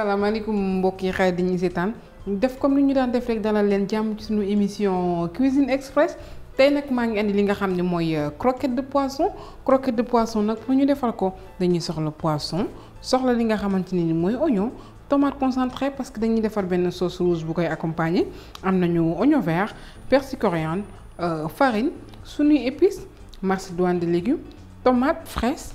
Salam mbokk yi di def comme ni ñu émission Cuisine Express tey ngi andi li nga euh, croquette de poisson croquette de poisson nag pour ñu ko poisson soxla li nga oignon tomate concentré parce que dañuy defar benn sauce rouge bu koy accompagner am nañu oignon vert persil euh, farine suñu épices de légumes tomate fraise.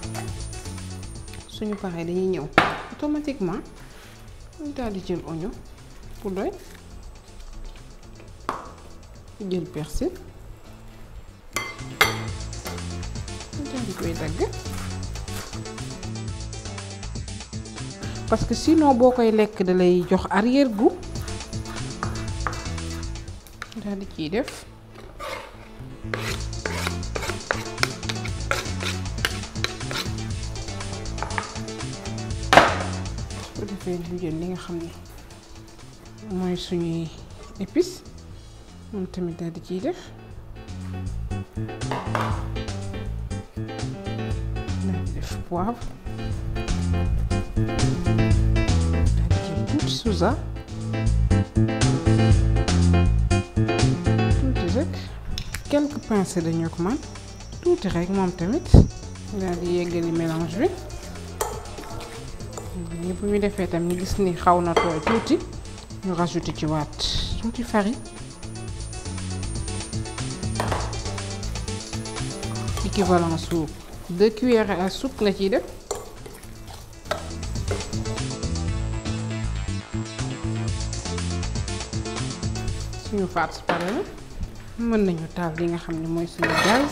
suñu paree dañuy ñëw automatiquement ñu jël oignon bu doy jël persil ñu koy dagg parce que sinon boo koy lekk da lay jox arrière goût daal ciy def. ko defee ñu jël li nga xam ne mooy suñuy épices moom tamit daal di ciy def daal di def poivre daal di jël tuuti suza tuuti rek quelques pincées dañoo ko man tuuti rek moom tamit daal di yeggali mélange bi ni bu ñu defee tam ñu gis ni xaw na tooy tuuti ñu rajouté ci waat tuuti farine équivalent soup deux cuillères à soupe nga ciy def suñu faat si pare la mën nañu taal li nga xam ne mooy suñu gaz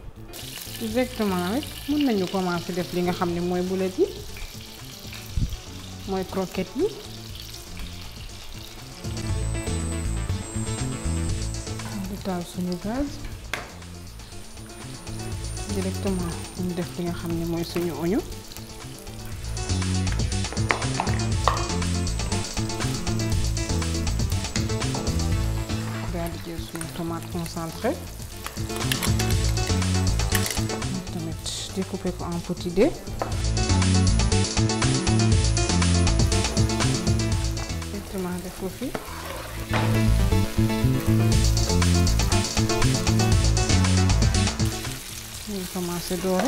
exactement rek mën nañu commencer def li nga xam ne mooy boulettes yi mooy croquettes yi di taal suñu gaz directement ñu def li nga xam ne mooy suñu oignon daal di jël suñu tomate concentré damit découper ko en petit dé directement def ko fii ñu commencé doré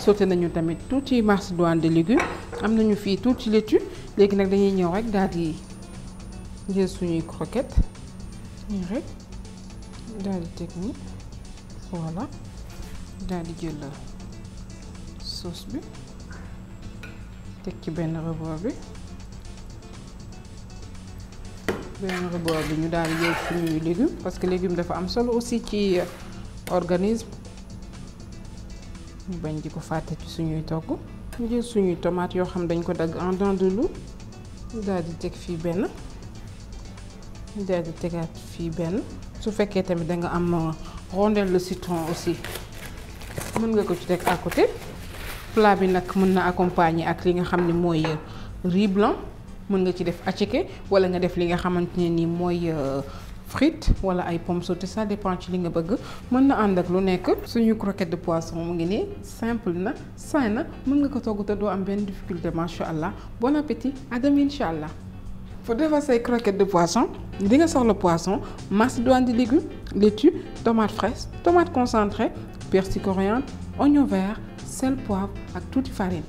sauté nañu tamit tuuti macédoine de légumes am nañu fii tuuti laitue léegi nag dañuy ñëw rek daal di jël suñuy croquette nii rek daal di voilà daal di jël sauce bi teg ci benn rebord bi benn rebord bi ñu daal di jël suñuy légumes parce que légumes dafa am solo aussi ci organisme on bañ di ko fàtte suñuy togg jël suñuy tomate yoo xam dañ ko dagg en de loup di teg fii benn daal di tegaat fii benn su fekkee tamit euh, rondelle de citron aussi mën nga ko à côté plat bi mën na accompagner ak li nga euh, riz blanc mën nga ci def attiéké wala nga def li nga xamante euh, frites wala ay pommes sautées, ça dépend ci li nga bëgg mën na and ak lu nekk suñu croquette de poisson mu simple na sain na mën nga ko togg te doo am difficulté bon appétit à demain incha allah. pour faire say croquette de poisson di nga le poisson masse de légumes laitue tomate fraîche tomate concentrée persil coriandre oignon vert sel poivre ak tuuti farine.